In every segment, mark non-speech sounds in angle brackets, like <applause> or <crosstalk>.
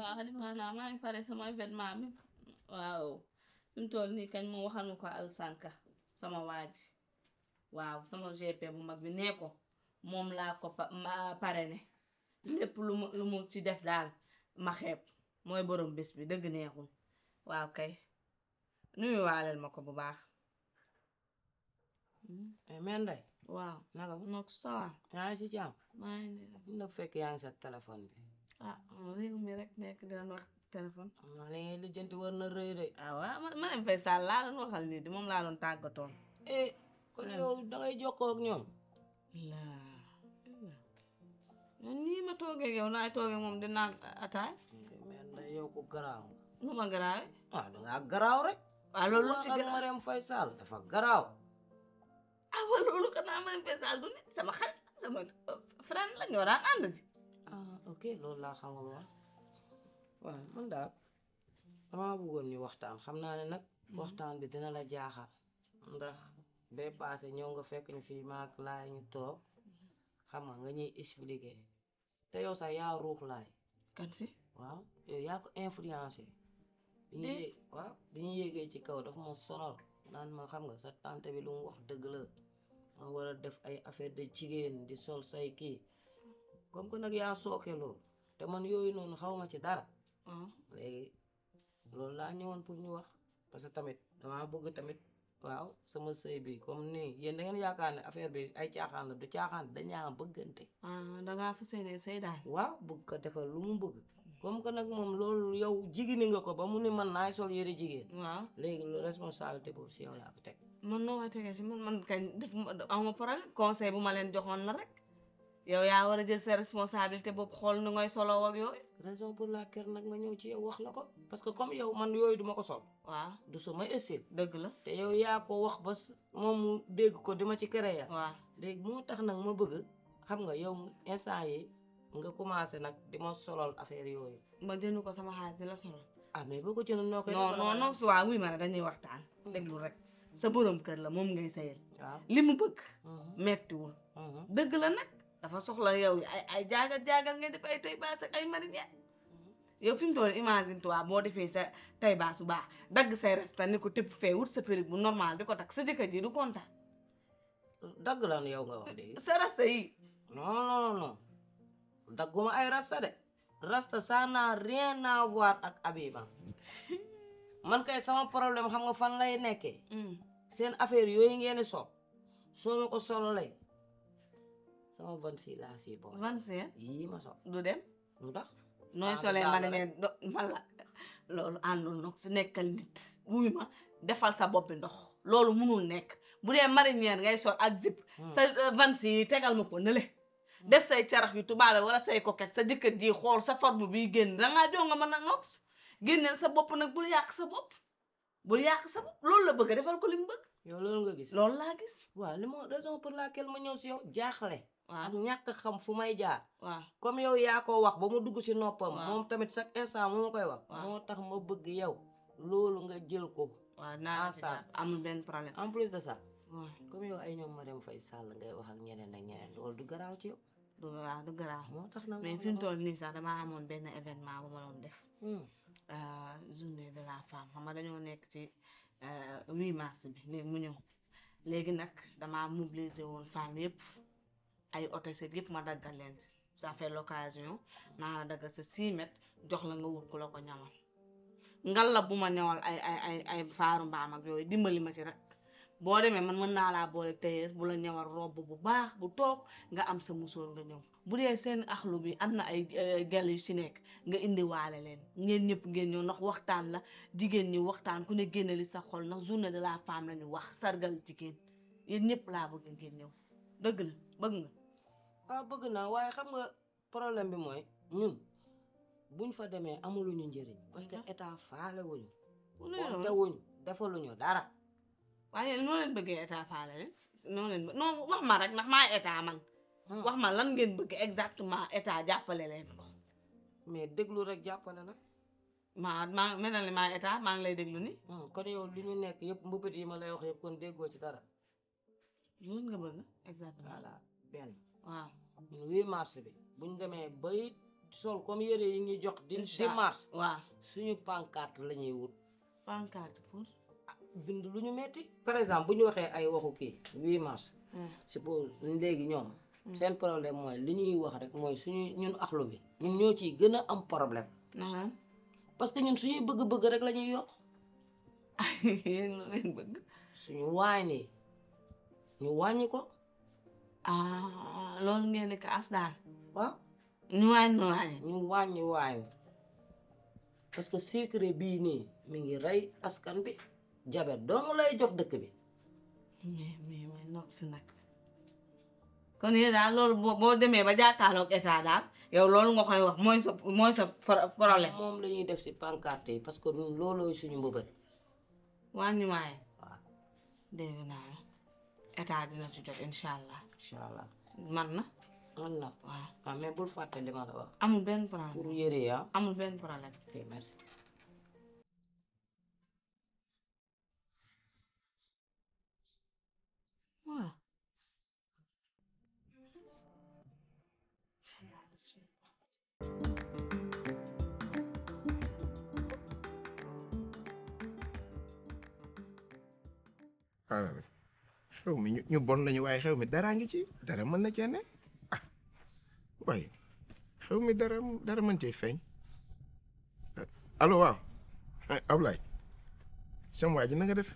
waaw naa maa pare sama événement bi waaw fi toll nii kañ moom waxal ma ko alsanka sama waaj waaw sama GP bu mag bi nee ko moom laa ko pare ne lépp lu mu ci def daal ma xeeb mooy borom bés bi dëgg neexul waaw kay nuyu waaleel ma ko bu baax mais hmm? eh, Ndeye waaw naka bu nag sawa yaa ngi si jàmm maa ngi fekk yaa ngi sa téléphone bi ah réew mi rek nekk di doon wax téléphone. non li ngay lijjanti war na rëy de. ah waaw man man Faye Sall laa doon waxal nii di moom laa doon tàggatoon. eh kon yow na yow ko garaaw. nu ma garaawee. ah dangaa garaaw rek. waaw ah, loolu si garaaw Mariam Faye Sall dafa garaaw. ah waaw loolu xanaa Mariam Faye Sall du nit sama xarit sama frère la ñoo ok loolu laa xam nga ma daal damaa bëggoon ñu waxtaan xam naa ne nag mhm. waxtaan bi dina la jaaxa ndax bee paase ñëw nga fekk ñu fii maak laay ñu toog xam nga ñuy expliquer te yow sax yaa ruux laay kan waaw yow yaa ko influencé bi ñu yéegee ci kaw dafa ma sonal naan ma xam nga sa tante bi lu wax dëgg la war a def ay affaire de jigéen di sol say kii comme que nag yaa sooke loolu te man yooyu noonu xaw ma ci dara. Mm. loolu laa ñëwoon pour ñu wax parce que tamit damaa bëgg tamit waaw sama sëy bi comme nii yéen da ngeen yaakaar ne affaire bi ay caaxaan la du caaxaan dañaa bëggante. Ah, da ngaa fas yéene sëy daal. waaw bëgg ko defal lu mu bëgg. comme que nag moom loolu yow jigéen nga ko ba mu ne man naay sol yére jigéen. waaw léegi loolu responsabilité boobu si yow laa ko teg. man noo koy tegee si man man kañ def aw ma problème conseil bu ma leen joxoon la rek. yow yaa war a jël sa responsabilité boobu xool nu ngay solo ak yooyu. raison pour laquelle nag ma ñëw ci yow wax la ko parce que comme yow man yooyu duma ko sol. waaw du sama style. dëgg la te yow yaa ko wax ba moom dégg ko dima ci créer ya léegi moo tax nag ma bëgg xam nga yow instant yi nga commencé nag di ma solol affaire yooyu. ma jënd ko sama xaalis di la solol. ah mais boo ko jëloon noo koy. non non non su waa wuy ma dañuy waxtaan. Hmm. déglu rek sa borom kër la moom ngay sayal. waaw li mu bëgg. Hmm. mettiwul. Hmm. dëgg la nag. dafa soxla yow ay ay jaagal jaagal ngay def ay tay baas ak ay marinière yow fi mu toll imagine toi boo defee sa tay baas bu baax dagg say resta ni ko tëpp fee wut sa périg bu normal di ko takk sa jëkkër ji du kontaan. dagg lan yow nga wax de. sa resta yi. non non non dagguma ay rasta de. rasta ça n'a rien à voir ak Habiba man kay sama problème xam nga fan lay nekkee. Mm. seen affaire yooyu ngeen di sol soo ma ko solo lay sama si yi laa siy boole. vans yi yii eh? ma sol. du dem. lu tax. nooy ah, solee ma ne leen do man la loolu àndul nag su nekkal nit wuy ma defal sa bopp ndox loolu munul nekk bu de mar marinière ngay sol ak zip. Hmm. sa euh, vans yi tegal ma ko nële. Hmm. def say carax yu tubaabe wala say coquette sa jëkkër ji xool sa forme bi génn dangaa jonga mën a nox génneel sa bopp nag bul yàq sa bopp bul yàq sa loolu la bëgg defal ko li mu bëgg. yow loolu nga gis loolu laa gis. waaw li ma raison pour laquelle ma ñëw si yow ak ñàkk xam fu may jaar. waaw comme yow yaa ko wax ba mu dugg si noppam. moom tamit sax instant moo koy wax. moo tax ma bëgg yow loolu nga jël ko. waaw naa amul benn problème en plus de ça. comme yow ay ñoom Marème Faye Sall ngay wax ak ñeneen ak ñeneen du garaaw ci yow. du garaaw moo tax na mais fi mu toll nii sax damaa amoon benn événement bu ma doon def. Hmm. Euh, journée de la femme xam nga nekk ci 8 euh, mars bi léegi mu léegi nag damaa mobiliser woon femme yëpp. ay hôtesse yëpp ma dagga leen si ça fait naa la daggal sa 6 mètres jox la nga wut ku la ko ñamal ngal la bu ma ñawal ay ay ay ay faaru mbaam yooyu dimbali ma ci rek boo demee man mën naa laa boole tailleur bu la ñawal robb bu baax bu toog nga am sa musóor nga ñëw bu dee seen axlu bi am na ay gal yu ci nekk nga indiwaale leen ngeen ñëpp ngeen ñëw ndax waxtaan la jigéen ñi waxtaan ku ne génne li sa xol ndax journée de la femme la ñu wax sargal jigéen ñëpp laa bëgg ngeen ñëw ah bëgg naa waaye xam nga problème bi mooy ñun buñ fa demee amuluñu njëriñ parce que état faale wuñu te wuñu defaluñu dara waaye noo leen bëggee état faale leen noo leen non wax ma rek ndax maa état man hmm. wax ma lan ngeen bëgg exactement état jàppale leen ko mais déglu rek jàppale la maa maa mel na ni maa état maa ngi lay déglu ni hmm, kon yow li ñu nekk yëpp mbubit yi ma lay wax yëpp kon déggoo ci dara loolu nga bëgg exactement voilà benn waaw huit mars bi buñ demee bay sol comme yére yi ñuy jox di di mars waaw suñu pancarte la ñuy wut pancarte pour ah, bind lu ñu metti par exemple bu ñu waxee ay waxu kii huit mars hmm. suppose léegi ñoom hmm. seen problème mooy li ñuy wax rek mooy suñu ñun axlu bi ñun ñoo ci gën a am problème parce que ñun suñuy bëgg-bëgg rek la ñuy yokk yéen <laughs> lu leen bëgg waañ ko ah loolu ngeen ne ko asdaar. waaw. ñu wàññi ñu wàññi parce que sucre bii nii mi ngi rey askan bi jabet dong lay jox dëkk bi. mais mais may si nag. kon yéen daal loolu boo demee ba jàkkaarloog état daal yow loolu nga koy wax mooy sa problème. moom la ñuy def si pancarte yi parce que ñun loolooy suñu mbëbët. wàññi waaye. waaw dégg naa état jot incha man na. man na waaw. Ah, bul fàtte li ma la wax. amul benn problème pour yére ah. yi xew mi ñu bon lañu waaye xew mi daraa ngi ci dara mën a cee ne ah waaye xew mi dara dara mën cee feeñ eh, allo waaw eh, Ablaye sama waa ji na nga def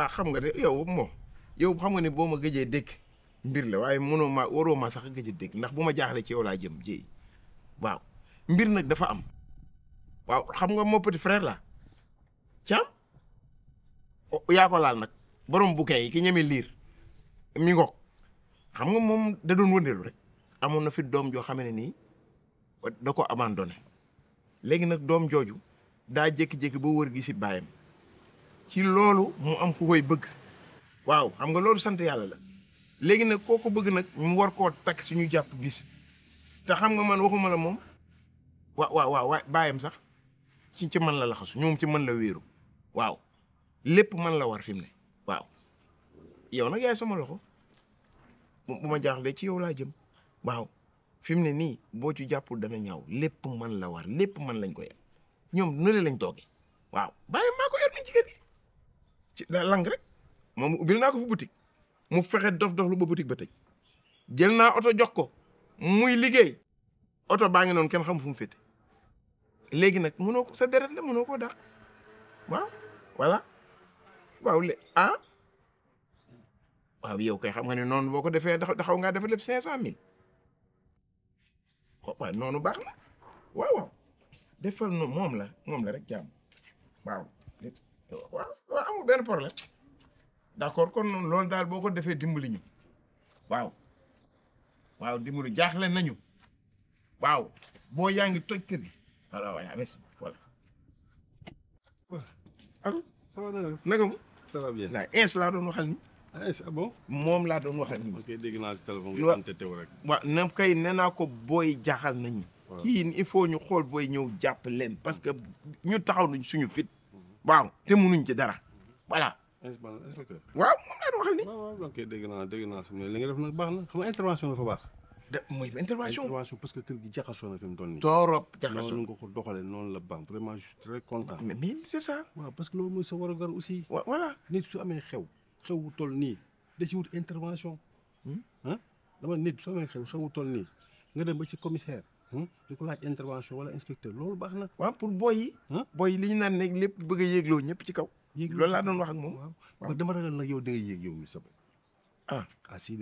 ah xam nga de yow moom yow xam nga ne boo ma gëjee dégg mbir la waaye mënoo ma waroo ma sax gëj a dégg ndax bu ma jaaxle ci yow laa jëm jéy waaw mbir nag dafa am waaw xam nga moo petit frère la caam oh, yaa ko laal nag borom bouquet yi ki ñeme liir mi ngoog xam nga moom da doon wëndeelu rek amoon na fi doom joo xam ne nii da ko abandonné léegi nag doom jooju daa jékki-jékki ba wër gi si baayam ci loolu mu am ku koy bëgg waaw xam nga loolu sant yàlla la léegi nag koo ko bëgg nag mu war koo takk suñu jàpp gis te xam nga man waxuma la moom wa waaw waaw baayam sax ci ci man la laxasu ñoom ci man la wéeru waaw lépp man la war fi mu ne waaw yow nag yaay sama loxo bu ma jaaxlee ci yow laa jëm waaw fi mu ne nii boo ci jàppul dana ñaaw lépp man la war lépp man lañ ko yar ñoom nële lañ toogee waaw bàyyi maa ko yor nañ ci kër gi ci moom ubbil naa ko fu boutique mu fexe dof dof lu ba boutique ba tëj jël naa oto jox ko muy liggéey oto baa ngi noonu kenn xam fu mu féete léegi nag mënoo ko sa deret la mënoo koo dàq waaw waaw lé ah waaw yow kay xam nga ne noonu boo ko defee taxaw ngaa dafa lépp cinq cent mille oh, waaw noonu baax na waaw waaw defal nu moom la moom la rek jàmm waaw waaw waaw amul benn problème d'accord kon loolu daal boo ko defee dimbali ñu waaw waaw dimbali jaaxle nañu waaw boo yaa ngi toj kër gi voilà voilà merci voilà. allo. ça mu. ça va bien la es laa doon waxal ni ah, es bon moom laa doon waxal nii. ok dégg naa si téléphone bi ante teew rek. waaw na kay nee naa ko booy jaaxal nañu. kii il faut ñu xool booy ñëw jàpp leen parce que ñu taxaw nañ suñu fit. waaw te munuñ ci dara. voilà. inspecteur waaw moom laa doon waxal nii. waaw waaw ok dégg naa dégg naa li nga def nag baax na xam nga intervention dafa baax. de mooy intervention intervention parce que kër gi jaxasoo na fi mu toll nii. torop jaxasoo noonu la baax vraiment je suis très content. mais parce que loolu mooy sa warugar aussi. wa voilà nit su amee xew. xew wu toll nii da ci wut intervention. ah dama nit su amee xew xew wu toll nga dem ba ci commissaire. Hmm, di laaj intervention wala inspecteur loolu baax na. waaw pour booy yi. booy yi li ñu naan nekk lépp bëgg a yéegloo ñëpp ci kaw. yéegloo loolu laa doon wax ak moom. waaw dama ragal nag yow da nga yéeg yow mi sa bopp. ah ah si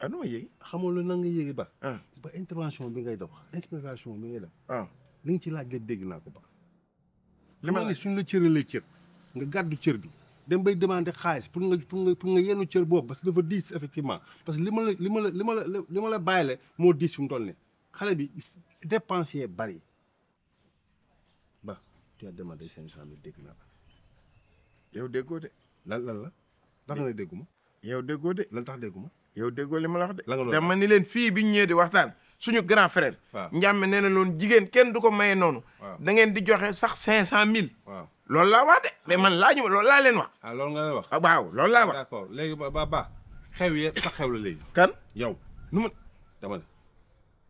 ah nu ma la e? xamoo lu nga yéegi ba ah. ba intervention bi ngay def inspiration bi ngay def ah. la nga ci laaj nga dégg naa ko ba li ma ne suñ la le cër nga gàddu cër bi dem bay demander xaalis pour nga pour nga pour nga yennu cër boobu parce que dafa diis effectivement parce que li ma la li ma la li ma la li ma la moo di fu mu toll ne xale bi dépensier bari ba tu as demandé cinq cent mille dégg naa la yow déggoo de la la la ndax nga dégguma yow déggoo de lan tax dégguma yow déggoo li ma la wax de. la ni leen fii bi ñu ñëwee di waxtaan suñu grand frère. waaw njàmme nee na loon jigéen kenn du ko maye noonu. da di joxe sax cinq cent mille. waaw laa wa de mais man laaju ma loolu laa leen wax. ah loolu nga leen wax. Ah, loolu laa wax. d'accord léegi ba ba ba xew ye sax xew la léegi. kan yow nu ma dama ne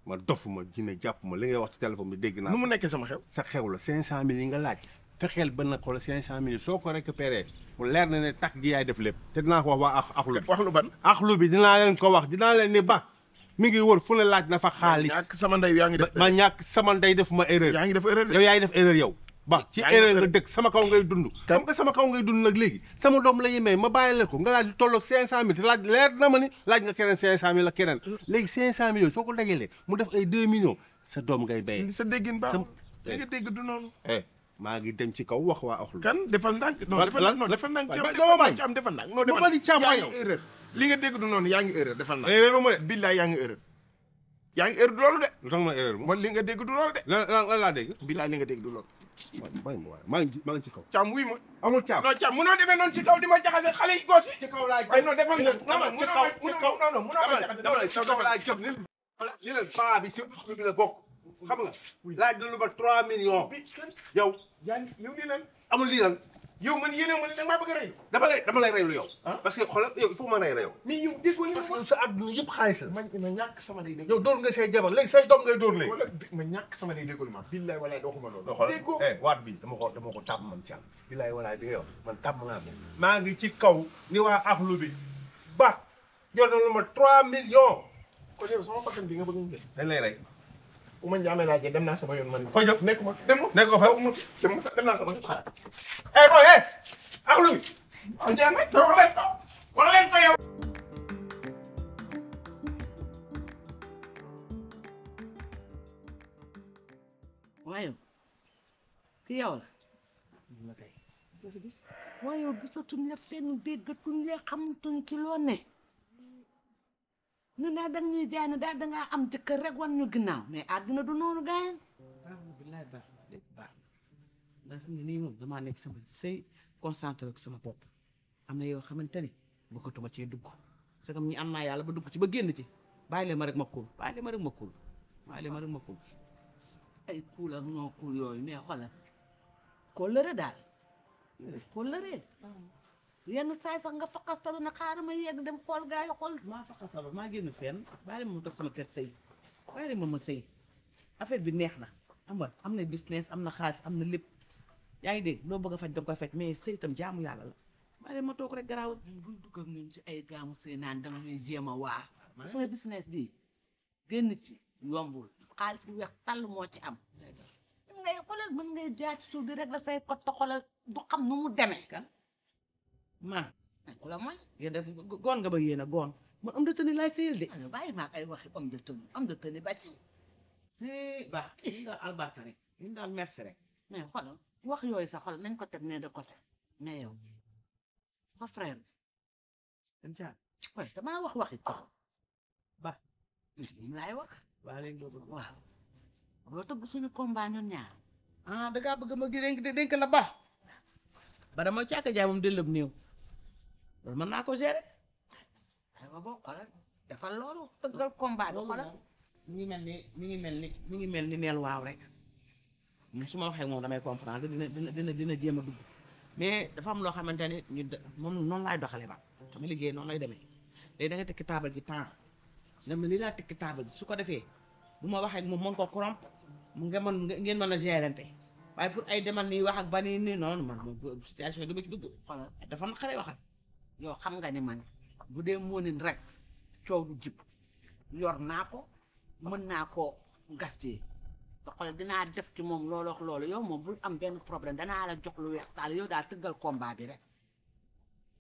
ma dofu ma jinne jàpp ma li ngay wax ci téléphone bi dégg naa. nu mu nekkee sama xew. sa xew la cinq cent mille yi nga laaj. fexeel ba nag xool cinq cent mille soo ko récupéré leer na ne tax gi yaay def lépp te dinaa ko wax waa ak axlu bi wax lu ban axlu bi dinaa leen ko dinaa leen ni ba mi ngi wër fu ne laaj na fa xaalis ñàkk sama ndey yaa ngi def ñàkk sama ndey def ma erreur yaa ngi def erreur yow yaa ngi yow ba ci erreur nga dëkk ngay dund xam nga sama kaw ngay dund nag léegi sama doom la yemee ma bàyyi la ko nga laaj lu tolloog cinq cent mille te laaj leer na ma ni laaj nga keneen cinq cent mille la keneen léegi soo ko dajalee mu def ay deux millions sa doom ngay béy sa déggin baax sa nga dégg du noonu eh, maa ngi dem ci kaw wax waa Oxlu. kan defal ndànk non defal ndànk non defal ndànk ci am defal ndànk non defal yaa ngi erreur nga dégg du yaa ngi defal ndànk erreur ma de billaay yaa ngi erreur yaa ngi erreur du loolu de lu tax ma erreur li nga dégg du loolu de lan laa dégg billaay li nga dégg du loolu maa ngi ma amul caam non caam munoo demee noonu ci kaw di ma jaxase xale yi goos yi ci kaw laa jëm non defal ndànk ci kaw ci kaw non non munoo ma jaxase ci bi si bi xam nga laa na lu ba trois millions. yow. yaa yow lii a amul lii lan. yow man yéene ma ne da maa a rey. dama lay dama lay rey lu yow. Ah? parce que xoolal yow il faut ma rey la yow. mais yow déggoo ni parce que sa àdduna yëpp xaalis la. ma ñàkk sama day dégg. yow dóor nga say jabar léegi say doom ngay dóor léegi. wala ma ñàkk sama day déggoo ma. billaay walaay doxuma loolu. déggoo eh waat bi ko dama ko tàmm man ci am. billaay walaay bi nga yow man tàmm naa ko. maa ngi ci kaw ni waa axlu bi ba yor na lu ma trois millions. kon yow sama bakkan bi nga bëgg a dañ lay bu ma jaamee laajee dem naa sama yoon man. fooy jëf nekkuma dem ma nekkuma fa dem naa sama xaar. eh booy eh. ak lu bi. jaam rek wax leen ko wax leen ko yow. waaye ki yow la. waaye yow gisatuñ la fenn déggatuñ la xamatuñ ci loo ne. na ne da ñuy jaay ne daal da ngaa am jëkkër rek wan ñu ginnaaw mais àddina du noonu gaayen. baax na billaay baax na de baax na ndax nii moom damaa nekk sama sëy concentré ak sama bopp am na yoo xamante ni bëggatuma cee dugg parce que am yàlla ba dugg ci ba génn ci bàyyi leen ma rek ma kuul bàyyi leen ma rek ma kuul bàyyi leen ma rek daal kóllëre. yenn saay sax nga faqastalu na xaaral ma yegg dem xool gaa yi ma maa faqastalu maa génn fenn bàyyi ma toog sama kër sëy bàyyi ma ma affaire bi neex na am am na business am na xaalis am na lépp yaa ngi dégg loo bëgg a faj da nga koy faj mais sëy jaamu yàlla la bàyyi ma toog rek garaaw bu dugg ak ci ay gaamu sëy naan danga ñuy jéem a waa sama business bi génn ci yombul xaalis bu weex tàll moo ci am mën ngay xoolal mën ngay jaar ci suuf di rek la say kot xoolal du nu mu demee man ku la mooy. yéen de goon nga ba yéen a goon ma am de tëni laay seyal de. aywa bàyyi ma ay waxi am de tëni am de tëni ba ci. Eh, baax li daal albarka rek li daal merci rek. mais wax yooyu sa xol nañ ko teg nee de côté mais yow sa frère bi. dem caa waaye damaa wax ko ba mais ni laay wax. waa léegi doo bëgg waaw. boo tëgg suñu combat ñun ñaar. ah da ngaa bëgg ma gi dénk la ba. ba dama càkk néew. loolu mën naa ko gérer aywa boobu xoolal defal loolu tëggal combat bi xoolal mi ngi mel ni mi ngi mel ni mi ngi mel ni neel waaw rek mais su ma waxee moom damay comprendre dina dina dina dina jéem a dugg mais dafa am loo xamante ne ñu moom noonu laay doxale ba sama liggéey noonu lay demee léegi da nga tekki taabal ji temps nga ma lii laa tekki taabal ji su ko defee bu ma waxee moom mën ko corrompre mu nga mën ngeen mën a gérante waaye pour ay demal nii wax ak ba nii nii noonu man moom situation yi du ma ci dugg dafa naqaree waxal yow xam nga ni man bu dee moonin rek coow lu jib yor naa ko mën naa koo gaspiller te xool dinaa def ci moom loolu ak loolu yow moom bul am benn problème danaa la jox lu weex taal yow daal tëggal combat bi rek.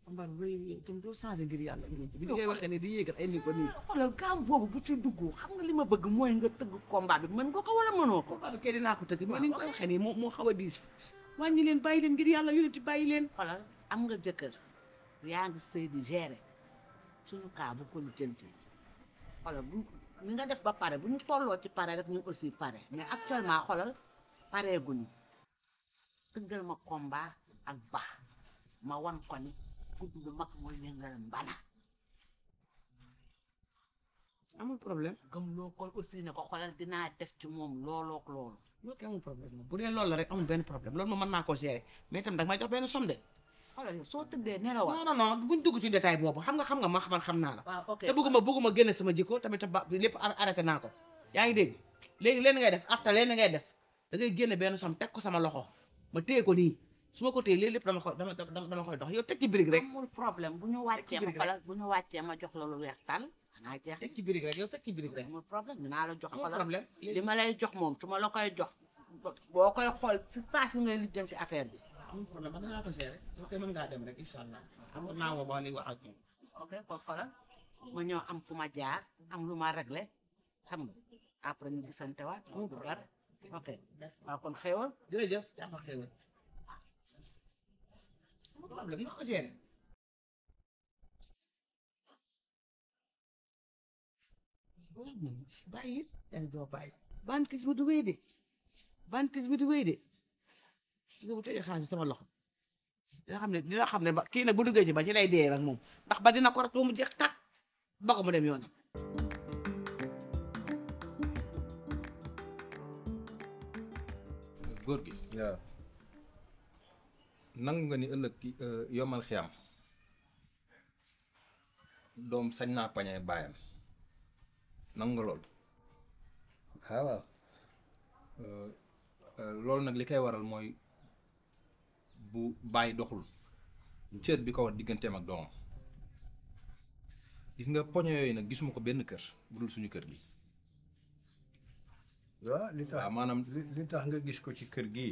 combat bi loolu itam doo changé ngir yàlla. bi ngay waxee ne di yéegal ay niveau nii. Ah, xoolal gaam boobu bu ci dugg xam nga li ma bëgg mooy nga tëgg combat bi mën nga ko wala mënoo ko. combat bi kay dinaa ko tëgg mais ni nga ko waxee nii moo moo xaw a diis. wàññi leen bàyyi leen ngir yàlla yónni bàyyi leen. xoolal am nga jëkkër. yaa ngi sëy di gérer suñu kaa bu ko lijjanti xoolal bu ni nga def ba pare bu ñu tolloo ci pare rek ñu aussi pare mais actuellement xoolal pareeguñu tëggal ma combat ak baax ma wan ko ni gudd lu mag mooy yëngal mbana amul problème gëm loo ko aussi ne ko xoolal dinaa def ci moom lool loolu. loolu amul problème bu dee loolu mën naa ko gérer mais tam danga may jox benn somme de. xoolal soo tëddee nelaw non non non buñ dugg ci détail boobu xam nga xam nga ma xaman xam naa la waaw ok te bëgguma bëgguma génne sama jikko tamit ba lépp arrêté naa ko yaa ngi dégg léegi leen ngay def after leen ngay def da ngay génne benn som teg ko sama loxo ma téye ko nii su ma ko téye léegi lépp dama koy dama dama koy dox yow teg ci birig rek amul problème bu ñu wàccee ma xoolal bu ñu wàccee ma jox la lu weex tàll xanaa jeex teg ci birig rek yow teg ci birig rek amul problème dinaa la jox moom su ma la koy jox boo koy xool si saas bi ngay lijjanti affaire bi amul problème man naa woo boo li wax ak moom. ma ñëw am fu ma jaar am lu ma réglé xam nga après ñu waat mu du dara ok kon xéewal jërëjëf jàmm ak xéewal amul problème naa ko gérer bàyyi doo bàyyi bantis bi du wéy de bu tëjee xaalis sama loxo dina xam ne dina xam ne ba kii nag bu duggee ci ba ci lay dee rek moom ndax ba dina ko rat ba mu jeex tàkk ba ko mu dem yoonam. góor gi. nangu nga ni ëllëg euh, yomal xiyam doom sañ naa pañe baayam nangu nga loolu. Ah, waaw. Euh, euh, loolu nag li koy waral mooy. bu bàyyi doxul cër bi ko war digganteem ak doomam gis nga poño yooyu nag gisuma ko benn kër bu dul suñu kër gi. waaw li tax maanaam li tax nga gis ko ci kër gi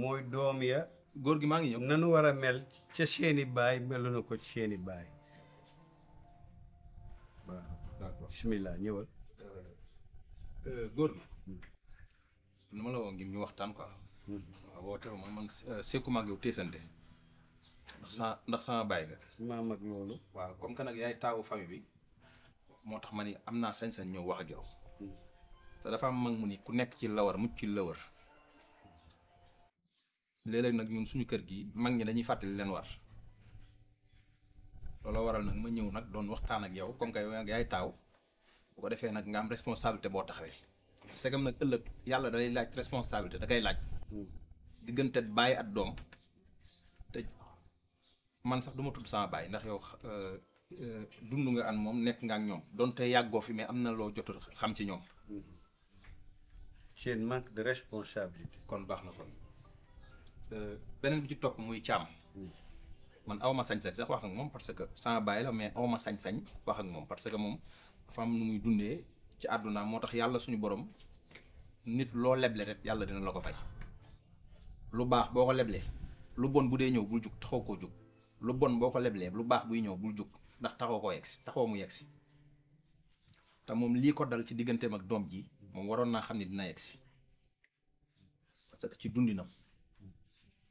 mooy doom ya góor gi maa ngi ñëw nanu war a mel ca seeni baay melu ko ci seeni baay waaw d'accord bismillah ñëwal euh, euh, góor gi nu hmm. ma la woo ngi ñu waxtaan quoi waaw woote ma man sekkuma mag yow téesante ndax sama ndax sama bàyyi nga. maa mag loolu. waaw comme que nag yaay taawu famille bi moo tax ma ni am naa sañ-sañ ñëw wax ak yow. am mag mu ni ku nekk ci lawar mucc ci lawar léeg-léeg nag ñun suñu kër gi mag ñi dañuy fàttali leen war looloo waral nag ma ñëw nag doon waxtaan ak yow comme que yaay taaw bu ko defee nag nga am responsabilité boo tax parce que nag ëllëg yàlla da laaj responsabilité da koy laaj. diggante bàyyi at doom te man sax du ma tudd sama bàyyi ndax yow euh, dund nga an moom nekk nga ak ñoom donte yàggoo fi mais am na loo jot xam ci ñoom. c'est un manque de responsabilité. kon baax na kon euh, beneen bi ci topp muy caam. man awma sañ-sañ sax wax ak moom parce que sama bàyyi la mais awma sañ-sañ wax ak moom parce que moom dafa am nu muy dundee ci àdduna moo tax yàlla suñu borom nit loo leble rek yàlla dina la ko fay. lu baax boo ko leblee lu bon bu dee ñëw bul jug taxoo koo jóg lu bon boo ko leblee lu baax buy ñëw bul jug ndax taxoo koo yegsi taxoo mu yegsi te moom lii ko dal ci digganteem ak doom ji moom waroon naa xam ne dina yegsi parce que ci dundinam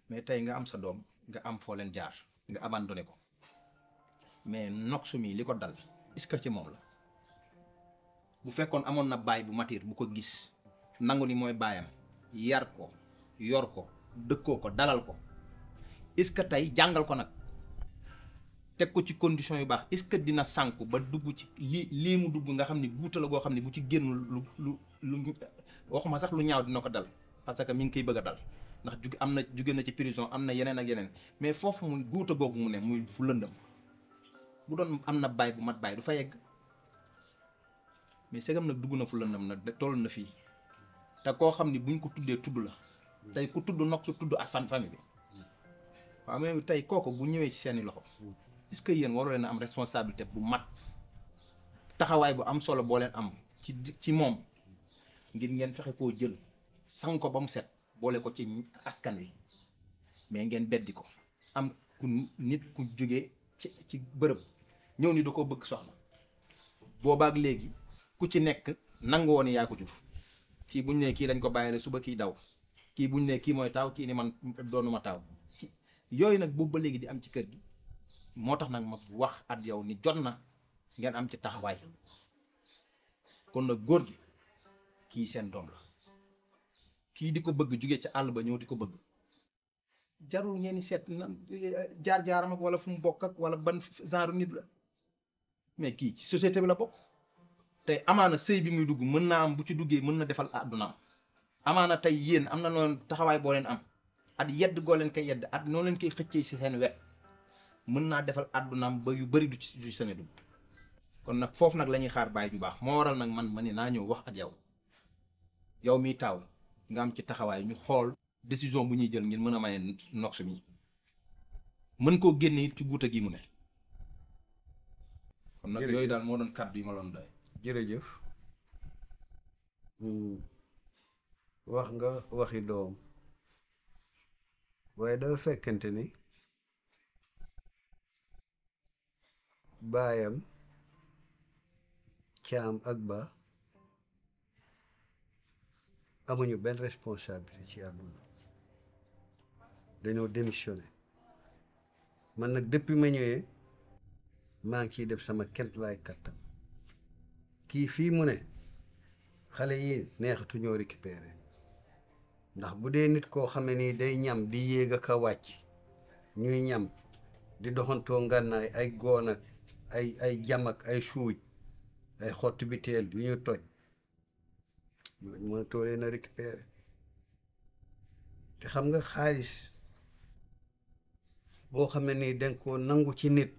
mais tey nga am sa doom nga am foo leen jaar nga abandonné ko mais nok su mi li ko dal est que ci moom la bu fekkoon amoon na baay bu matière bu ko gis nangu ni mooy baayam yar ko yor ko dëkkoo ko dalal ko est-ce que tey jàngal ko nag teg ko ci condition yu baax est-ce que dina sànku ba dugg ci lii lii mu dugg nga xam ni guuta la goo xam ne bu ci génn lu lu lu waxuma sax lu ñaaw dina ko dal parce que mi ngi koy bëgg a dal ndax jug am na juge na ci prison am na yeneen ak yeneen mais foofu mu guuta googu mu ne muy fu lëndëm bu doon am na baay bu mat baay du fa yegg mais segam nag dugg na fu lëndëm nag toll na fii te koo xam ni buñ ko tuddee tudd la tey ku tudd nox su tudd Assane famille bi waaw mais tey kooku bu ñëwee ci seeni loxo est que yéen waru leen a am responsabilité bu mat taxawaay bu am solo boo leen am ci ci moom ngir ngeen fexe koo jël sang ko ba mu set boole ko ci askan wi mais ngeen beddi ko am ku nit ku jóge ci ci bërëb ñëw ni da koo bëgg soxna boobaak léegi ku ci nekk nangu woon yaa ko jur kii buñ ñu nee kii dañ ko bàyyi la suba kii daw kii bu ñu ne kii mooy taaw kii ni man doonuma taaw yooyu nag boobu ba léegi di am ci kër gi moo tax nag ma wax at yow ni jot na ngeen am ci taxawaay kon nag góor gi kii seen doom la kii di ko bëgg jóge ci àll ba ñëw di ko bëgg jarul ngeen di seet nan jaar-jaaram ak wala fu mu bokk ak wala ban genre nit la mais kii ci société bi la bokk te amaana sëy bi muy dugg mën naa am bu ci duggee mën na defal àddunaam amaana tey yéen am na noonu taxawaay boo leen am at yedd goo leen koy yedd at noo leen koy xëccee si seen wet mën naa defal àddunaam ba yu bari du ci du seen dugg kon nag foofu nag lañuy xaar bàyyi bu baax moo waral nag man ma ne naa ñëw wax ak yow yow miy taaw nga am ci taxawaay ñu xool décision bu ñuy jël ngir mën a maye nox mi mën koo génne ci guuta gi mu ne. kon nag yooyu daal moo doon kàddu yi ma doon doy. jërëjëf. wax nga waxi doom waaye dafa fekkante ni baayam caam ak ba amuñu benn responsabilité ci àdduna dañoo démissionné man nag depuis ma ñëwee maa ngi ciy def sama kent laay kattan kii fii mu ne xale yi neexatu ñoo récupéré ndax bu dee nit koo xam ne nii day ñam di yéeg ak a wàcc ñuy ñam di doxantoo ngànnaay ay goon ak ay ay jam ak ay suuj ay xottu biteel yu ñu toj ñooñu mënatoo leen te xam nga xaalis boo xam ne nii danga ko nangu ci nit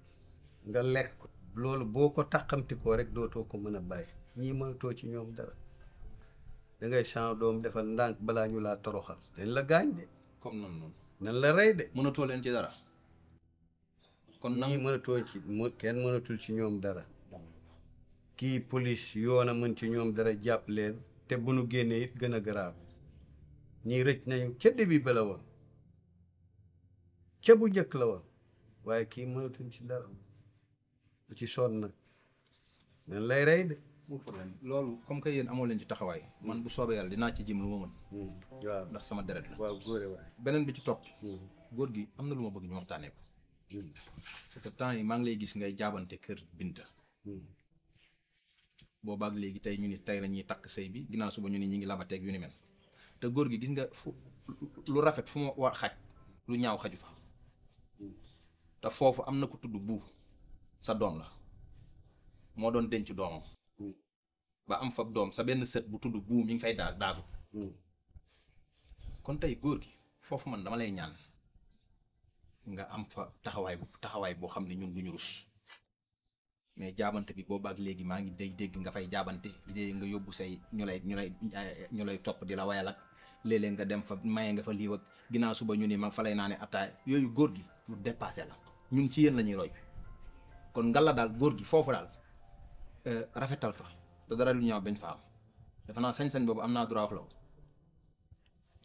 nga lekk loolu boo ko taqamtikoo rek dootoo ko mën a bàyyi ñii mënatoo ci ñoom dara dangay ngay change doom defal ndànk balaa ñu laa toroxal. dañ la gaañ de. comme noonu noonu. nan la rey de. mënatoo leen ci dara. kon nag ñii mënatoo ci kenn mënatul ci ñoom dara. kii police yoon a mën ci ñoom dara jàpp leen te bu nu génnee it gën a garaaw ñii rëcc nañu ca début ba woon ca bu njëkk la woon waaye kii mënatuñ ci dara lu ci sonn nag nan lay rey de. problème loolu comme que yéen amoo leen ci taxawaay. man bu soobee yàlla dinaa ci jëm lu ma mën. Hmm. ndax sama deret la. waaw góore waay beneen bi ci topp. Hmm. góor gi am na lu ma bëgg ñu waxtaanee ko. parce hmm. que temps yi maa ngi gis ngay jaabante kër Binta. léegi tey ñu ni tey la ñuy takk sëy bi ginnaaw suba ñu ni ñu ngi labateeg yu ni mel. te góor gi gis nga fu lu rafet fu ma war xaj lu ñaaw xaju fa. te foofu am na ko tudd buu sa doom la moo doon denc doomam. ba am fab doom sa benn sët bu tudd buum mi ngi fay daag daagu hmm. kon tey góor gi foofu man dama lay ñaan nga am fa taxawaay bu taxawaay boo xam ne ñun duñu rus mais jaabante bi booba ak léegi maa ngi day dégg nga fay jaabante léeg nga yóbbu say ñu lay ñu lay ñu lay topp di la wayal ak léeg nga dem fa maye nga fa liiw ak ginnaaw suba ñu ni mag fa lay naa ne attaay yooyu góor gi lu dépassé la ñun ci yéen la ñuy roy kon ngalla daal góor gi foofu daal euh, rafetal fa te dara lu ñaaw bañ fa am defe naa sañ-sañ boobu am naa droit wax la ko.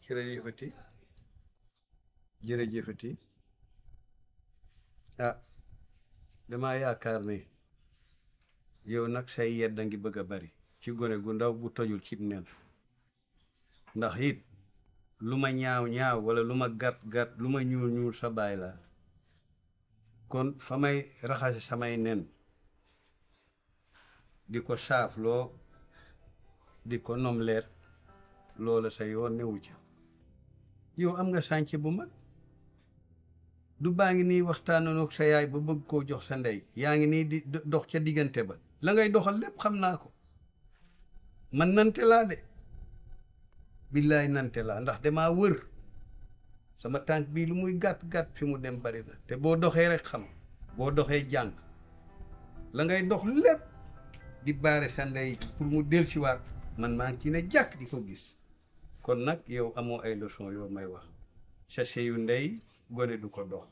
jërëjëfati jërëjëfati ah damaa yaakaar ne yow nag say yedda ngi bëgg a bari ci gone gu ndaw bu tojul cib nen ndax it lu ma ñaaw ñaaw wala lu ma gàtt gàtt lu ma ñuul ñuul sa baay la kon fa may raxase samay nen di ko saafloo di ko leer loola sa yoon newu ca yow am nga sànce bu mag du baa ngi nii waxtaanoog sa yaay ba bëgg koo jox sa ndey yaa ngi nii di dox ca diggante ba la ngay doxal lépp xam naa ko man nante laa de billaay nante laa ndax damaa wër sama tànk bii lu muy gàtt gàtt fi mu dem bari na te boo doxee rek xam boo doxee jàng la ngay dox lépp di baare sa ndey pour mu dellusiwaat man maa ngi ci ne jàkk di ko gis kon nag yow amoo ay leçon yoo may wax sachet yu ndey gone du ko dox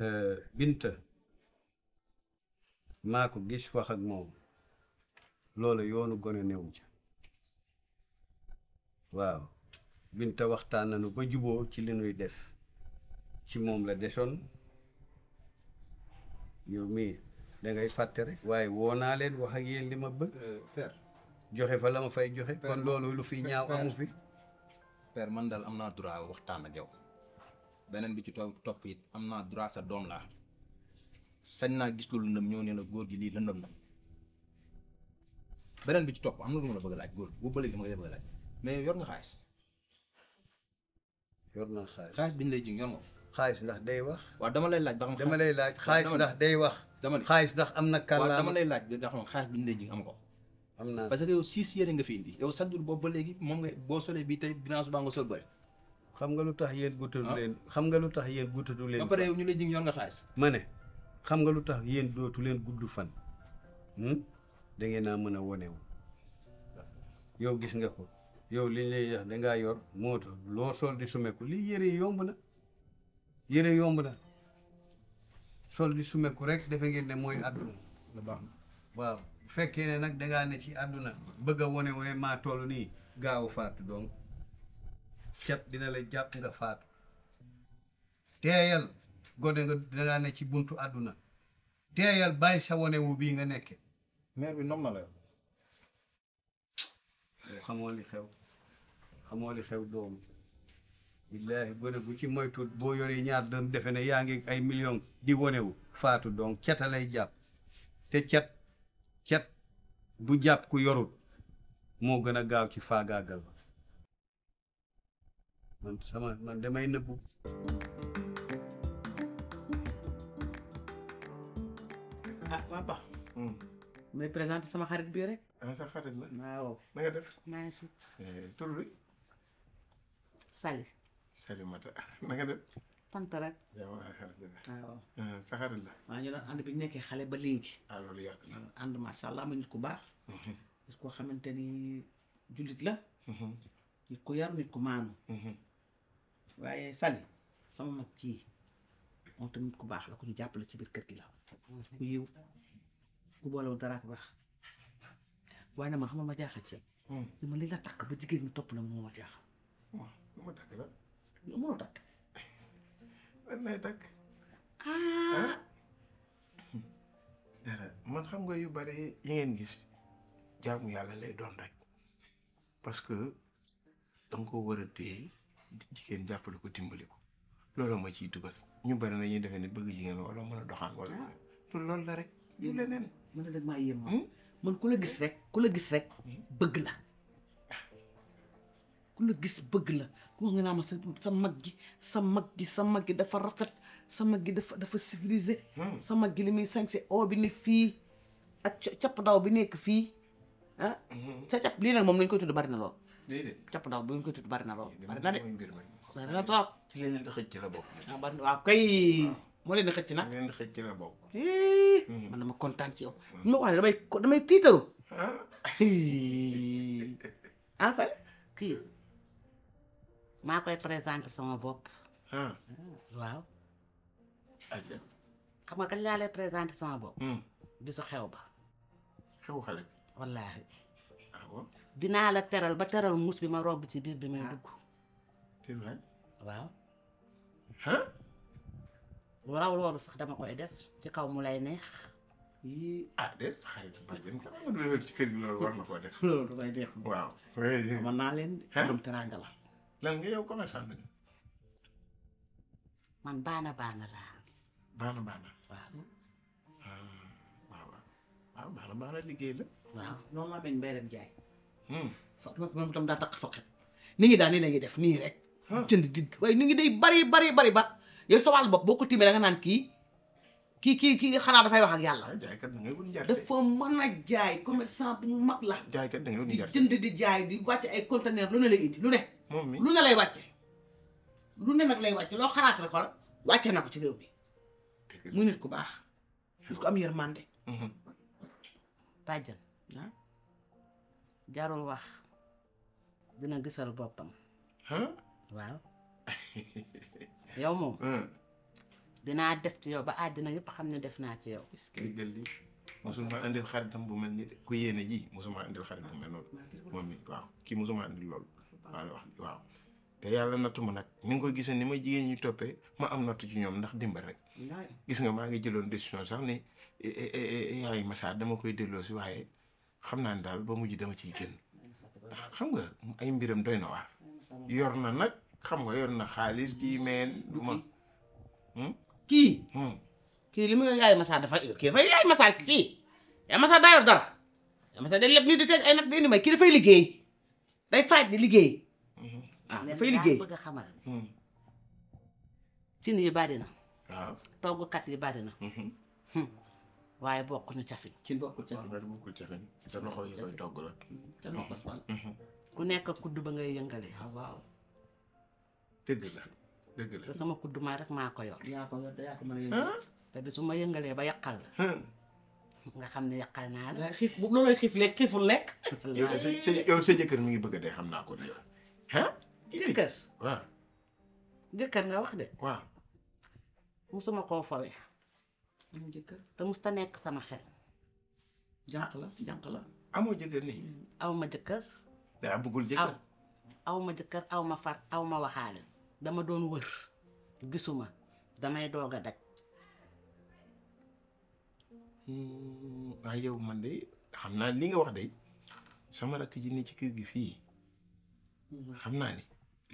euh, binta maa ko gis wax ak moom loola yoonu gone newu ca waaw binta waxtaan nañu ba juboo ci li nuy def ci moom la desoon yow mii da ngay fàtte rek waaye woo naa leen wax ak yéen li ma bëgg euh, joxe fa la ma fay joxe kon loolu lu fi ñaaw amu fi père man daal am naa droit waxtaan ak yow beneen bi ci topp it am naa droit sa doom laa sañ naa gis lu lëndëm ñëw ne la góor gi lii lëndëm na beneen bi ci topp am na lu ma la bëgg laaj góor bu bële li ma la bëgg laaj mais yor nga xaalis yor naa xaalis bi ñu lay jiw yor nga xaalis ndax day wax. waaw dama lay laaj ba xam dama lay laaj xaalis ndax day wax. dama xaalis ndax am na. kàllaama dama lay laaj ndax moom xaalis bi ñu lay am ko. am naa parce que yow six nga fi indi. yow chaque jour boobu ba léegi moom nga boo solee bii tey ginnaaw xam nga lu tax yéen guttatu ah. leen. xam nga lu tax yéen guttatu leen. ba pare yow ñu lay ji yor nga xaalis. ma ne xam nga lu tax yéen dootu leen gudd fan. Hmm? da ngeen naa mën a wonewu yow gis nga ko yow liñ lay wax dangaa yor moto loo sol di sumeku lii yére yi yomb na yére yomb na sol di sumeku rek defe ngeen mooy àdduna baax na waaw bu fekkee ne nag dangaa ci àdduna bëgg a wone wone maa toll nii gaaw faatu donc cat dina la jàpp nga faatu teeyal gone nga ci buntu àdduna teeyal bàyyi sa wone bii nga nekke maire bi nom na la xamoo li xew xamoo li xew doomu billaahi gone bu ci moytu boo yoree ñaar doon defe ne yaa ngi ay million di wonewu faatu donc ceta lay jàpp te cat cet bu jàpp ku yorut moo gën a gaaw ci faagaagal ba man sama man damay nëbbu ah, hmm. may présenté sama xarit bi rek ah sa def eh, tur bi Salimata na nga def. sant rek. yow waaw sa xarit ba léegi. ah loolu yàgg na ànd koo xamante ni jullit la. nit ku yar nit ku maanu. waaye Sali sama mag baax la ku jàppale ci biir kër gi la. ku yiw ma jaaxal ci. li ma li nga takk ba jigéen ñi topp la moom moo jaaxal. mënoo takk. lan lay takk. ah. dara man xam nga yu bari yi ngeen gis jaamu yàlla lay doon rek parce que danga ko war a téye jigéen jàppale ko dimbali ko loolu ma ciy dugal ñu bari na ñuy defee ne bëgg jigéen wala mën a doxaan wala ah. loolu la rek. yu leneen. man nag maa yéem hmm? man ku la gis rek ku la gis rek hmm? bëgg la. ku la gis bëgg la ku nga naa ma sa sa mag gi sa mag gi sa mag gi dafa rafet sa mag gi dafa dafa civilisé hmm. sa mag gi li muy sañse oo bi ne fii ak capp daw bi nekk fii ah sa hmm. capp lii nag moom lañ koy tudd bari na loo déedéet daw bi lañ bari na lool bari na de bari na trop ci leen di xëcc la ah, moo leen di xëcc nag leen di xëcc la bokk hmm. man dama kontaan ci yow li ma wax ne damay damay tiitaru ah en <laughs> ah, fait maa koy présenté sama bopp. Ah. waaw. xam nga kañ laa lay présenté sama bopp. Hmm. bisu xew ba. xewu xale bi. wallaahi. Ah, la teral ba teral muus bi ma robb ci biir bi may ah. dugg. waaw. lu raw loolu sax dama koy def ci kaw mu lay neex. yii ah déet xarit bàjjen ko na koo def. <laughs> ma naa leen. xelum teranga la. lan ah, eh. nga yow commerçant bi man baana baana laa. baana baana. waaw. waaw waaw baana baana liggéey la. waaw noonu laa bañ Mbayram Ndiaye. so moom itam daa taq soqet. ni ngi daal nii la ñuy def nii eh. rek. di digg waaye ni ngi day bari bari bari ba yow sa wàllu bopp boo ko tiimee da nga naan kii. kii kii kii xanaa dafay wax ak yàlla. jaaykat da ngay wut njarte dafa mën a jaay commerçant bu mag la. jaaykat da ngay wut njarte di jënd di jaay di wàcc ay eh, conteneur lu ne lay indi lu ne. moom mi lu la lay wàcce lu ne loo xalaat rek xoolal wàcce na ko ci réew mi muy nit ku baax nit ku am yërmande mhm. bàjjal ah jarul wax dina gisal boppam waaw <laughs> yow moom hmm. dinaa def ci yow ba àddina yëpp xam ne def naa ci yow musuma indil tam bu mel ni ku yéene ji musuma indil xarit bu mel noonu moom mi waaw kii musuma indil waaw wax waaw te yàlla nattu nag ni nga ko gisee ni ma jigéen ñu toppee ma am na nattu ci ñoom ndax dimbal rek gis nga maa ngi jëloon décision sax ni eh, eh, eh, yaay koy delloo si waaye xam naa ne daal ba mujj dama ciy génn ndax mbiram doy na na nag xam nga yor na xaalis kii meen du ma hmm? kii hmm. kii li mu ne yaay Massa ni di teg nag di indi may kii dafay liggéey day fayit di liggéey waaw mhm. ah, dafay liggéey cin hmm. yi bari na waaw toggkat yi bari na mhm. hmm. waaye bokkuñu cafin cin bokkul cafin bokkul cafin te loxo yi koy togg hmm. te loxo sol mhm. ku nekk kudd ba ngay yëngale ah, waaw dëgg te sama kudd maa rek maa ko yor yaa ko yor te ma yëngalee ba yàqal nga xam ne yàqal naa la. xiif bu looloo xiif lekk xiiful lekk. <laughs> yow sa jëkkër mi ngi bëgg de xam naa ko yow. ah. jëkkër waaw. jëkkër nga wax de. waaw. musuma koo fowe. amoo jëkkër nekk sama xel. jànq la jànq la. amoo jëkkër nii. aw ma jëkkër. daa bëggul jëkkër aw. aw ma jëkkër aw ma far aw ma waxaale. dama doon wër. gisuma damay doog a daj. waaye man de xam naa li nga wax de sama rakk ji ne ci kër gi fii mhm. xam naa ni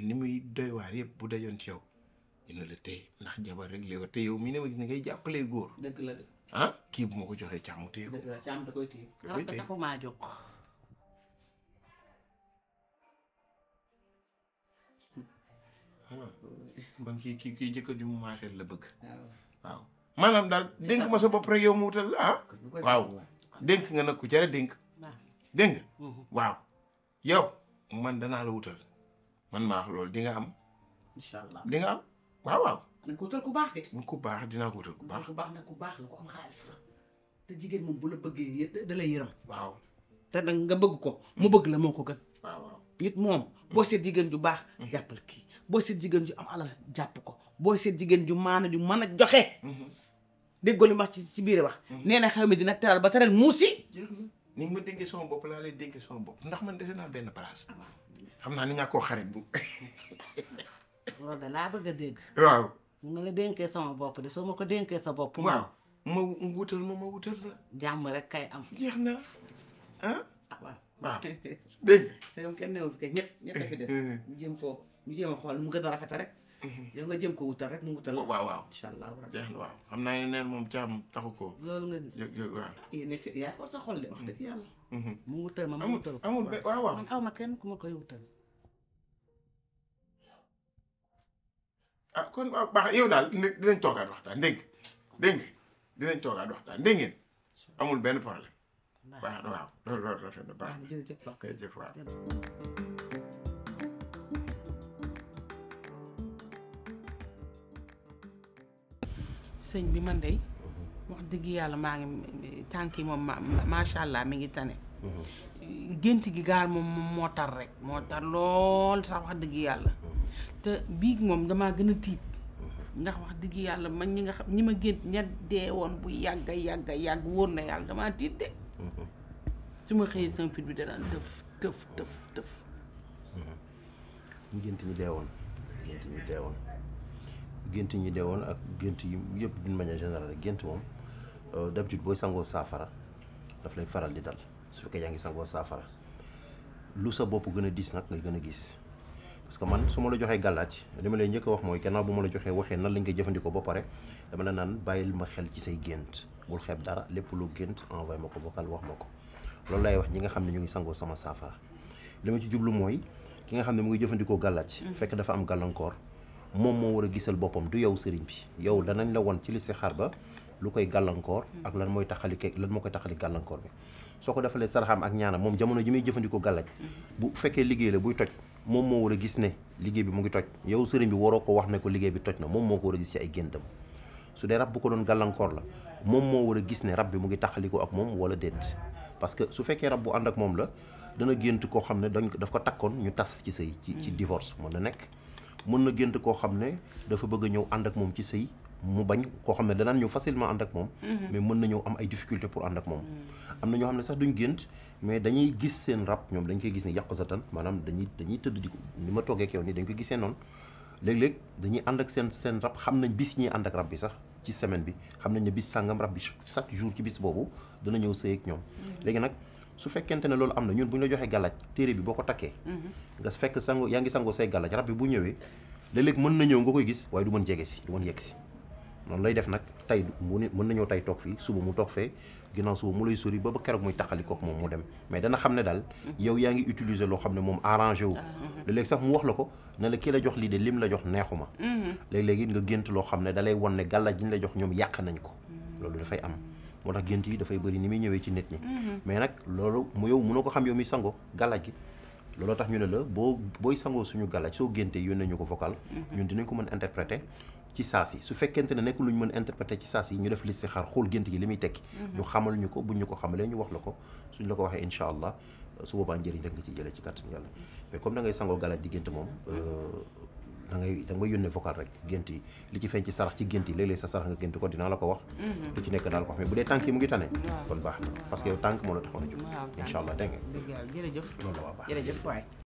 li muy doy waar yëpp bu dajoon ci yow dina la téye ndax jabar rek léegi te mii ne ma gis ne ngay jàppalee góor. dëgg la de. ah kii bu ma ko joxe càmm téye ko. dëgg la càmm da koy nga ah, kii kii kii jëkkër ju mu maaseel la bëgg. maanaam daal dénk ma sa bopp rek yow mu wutal ah waaw dénk nga nag ku cere dénk dégg nga mhm. waaw yow man danaa la wutal man maa wax loolu di nga am incha allah di nga am waaw waaw nañ ko wutal ku baax de ku baax dinaa ko wutal ku baax ku baax nag ku baax la ko am xaalis la te jigéen moom bu la bëggee da lay yëram waaw te nag nga bëgg ko mu bëgg la moo ko gën waaw waaw nit moom boo seet jigéen ju baax mhm. jàppal kii boo seet jigéen ju am alal jàpp ko boo seet jigéen ju maana ju mën a joxe mhm. déggoo li mu wax ci ci biir wax. Mm-hmm. nee na xew mi dina teral ba teral muusi. ni nga ma dénkee sama bopp laa lay dénkee sama bopp ndax man dese naa benn place. Ah. xam naa ni nga koo xarit bu. <laughs> loolu de laa ma la dénkee sama bopp de soo ma dénkee sa bopp. wutal ma ma wutal la. jàmm rek kay am. jeex na ah. ah waaw waaw <laughs> dégg nga. te yow kenn newu fi a fi des. <laughs> ñu jéem koo ñu jéem a xool mu gën a rafet rek. Mm-hmm. yow nga jëm ko wutal rek mu wutal. waaw waaw incha allah waaw xam naa ne neen moom caam taxu ko. loolu nga gis waaw. yaa ko sa xol de wax dëgg yàlla. Mm-hmm. mu wutal ma mu wutal ko amul amul waaw waaw. man aw ma kenn ku ma koy wutal. ah kon waaw baax yow daal dinañ toogaat waxtaan dégg dégg dinañ toogaat waxtaan dégg ngeen amul benn problème. baax waaw loolu loolu rafet na baax na jërëjëf waaw. sëñ bi man dey wax dëgg yàlla maa ngi tànk yi moom macha allah mi ngi tane gént gi gaal moom moo tar rek moo tar lool sax wax dëgg yàlla te biig moom damaa gën a tiit ndax wax dëgg yàlla man ñi nga xam ñi ma gént ña dee woon bu yàgga yàgga yàgg wóor na yàlla damaa tiit de su ma xëyee sama fit bi danaan tëf tëf tëf tëf ñu gént ñi dee woon gént ñi dee woon gént ñi dee woon ak gént yi yëpp d'une manière générale gént moom euh, d'habitude booy sangoo saafara daf lay faral di dal su fekkee yaa ngi sangoo saafara lu sa bopp gën a diis nag ngay gën a gis parce que man su ma la joxee gàllaaj li ma lay njëkk wax mooy gannaaw bu ma la joxee waxee nan lañ koy jëfandikoo ba rek dama la naan bàyyil ma xel ci say gént bul xeeb dara lépp lu gént envoyé ma ko vocal wax ma ko loolu lay wax ñi nga xam ne ñu ngi sangoo sama saafara li ma ci mooy ki nga xam ne mu ngi jëfandikoo gàllaaj mm-hmm. moom moo war a gisal boppam du yow sëriñ bi yow danañ la won ci listixaar ba lu koy gàllankoor ak lan mooy taxali lan moo koy taxali gàllankoor bi soo ko defalee saraxam ak ñaanam moom jamono ji muy jëfandikoo gàllaj bu fekkee liggéey la buy toj moom moo war a gis ne liggéey bi mu ngi toj yow sëriñ bi waroo ko wax ne ko liggéey bi toj na moom moo ko war a gis ci ay géntam su dee rab bu ko doon gàllankoor la moom moo war a gis ne rab bi mu ngi taxaliko ak moom wala déet parce que su fekkee rab bu ànd ak moom la dana gént koo xam ne dañ daf ko takkoon ñu tas ci sëy ci ci divorce mën na nekk mën na gént koo xam ne dafa bëgg a ñëw ànd ak moom ci sëy mu bañ koo xam ne danaan ñëw facilement ànd ak moom mm-hmm. mais mën na ñëw am ay difficulté pour ànd ak moom mm-hmm. am na ñoo xam ne sax duñ gént mais dañuy gis seen rab ñoom dañ koy gis yàq sa satan maanaam dañuy dañuy tëdd di ko ni ma toogee ak yow nii dañ koy gisee noonu léeg-léeg dañuy ànd ak seen seen rab xam nañ bis ñuy ànd ak rab bi sax ci semaine bi xam nañ ne bis sàngam rab bi chaque jour boobu dana ñëw sëy ak ñoom mm-hmm. léegi nag su fekkente ne loolu am na ñun bu ñu la joxee gàllaaj téere bi boo ko takkee mhm. nga fekk sango yaa ngi sangoo say gàllaaj rab bi bu ñëwee léeg-léeg mën na ñëw nga koy gis waaye du mën jege si du mën yegg si noonu lay def nag tey mu mën na ñëw tey toog fii suba mu toog fee ginnaaw suba mu lay sori ba ba keroog muy taxali kook moom mu dem mais dana xam ne daal mhm. yow yaa ngi utiliser loo xam ne moom arrangé wu ah, mhm. léeg sax mu wax la ko ne la kii la jox lii de li lim la jox neexuma léeg-léeg it nga gént loo xam ne dalay won ne gàllaaj ji ñu la jox ñoom yàq nañ ko loolu dafay am moo tax gént yi dafay bëri ni muy ñëwee ci nit ñi mhm. mais nag loolu mu yow mënoo ko xam yow mi sango gàllaaj gi looloo tax ñu ne la boo booy sangoo suñu gàllaaj soo génte yónnee ñu ko vocal mhm. ñun dinañ ko mën interpréter ci saas yi su fekkente ne nekk lu ñu mën interpréter ci saas yi ñu def listixaar xool gént gi li muy tekki mhm. ñu xamal ñu ko bu ñu ko xamalee ñu wax la ko suñ la ko waxee incha allah su boobaa njëriñ rek nga ci jëlee ci kàttan yàlla mais comme da ngay sangoo gàllaaj di gént moom euh, dangay ngay da yónnee vocal rek gént yi li ci feeñ ci sarax ci gént yi léeg-léeg sa sarax nga gént ko dinaa la ko wax mhm. li ci nekk naa la ko wax bu dee tànk yi mu ngi tane kon baax na parce que yow tànk moo la taxoon a jóg incha allah dégg loolu la waa baax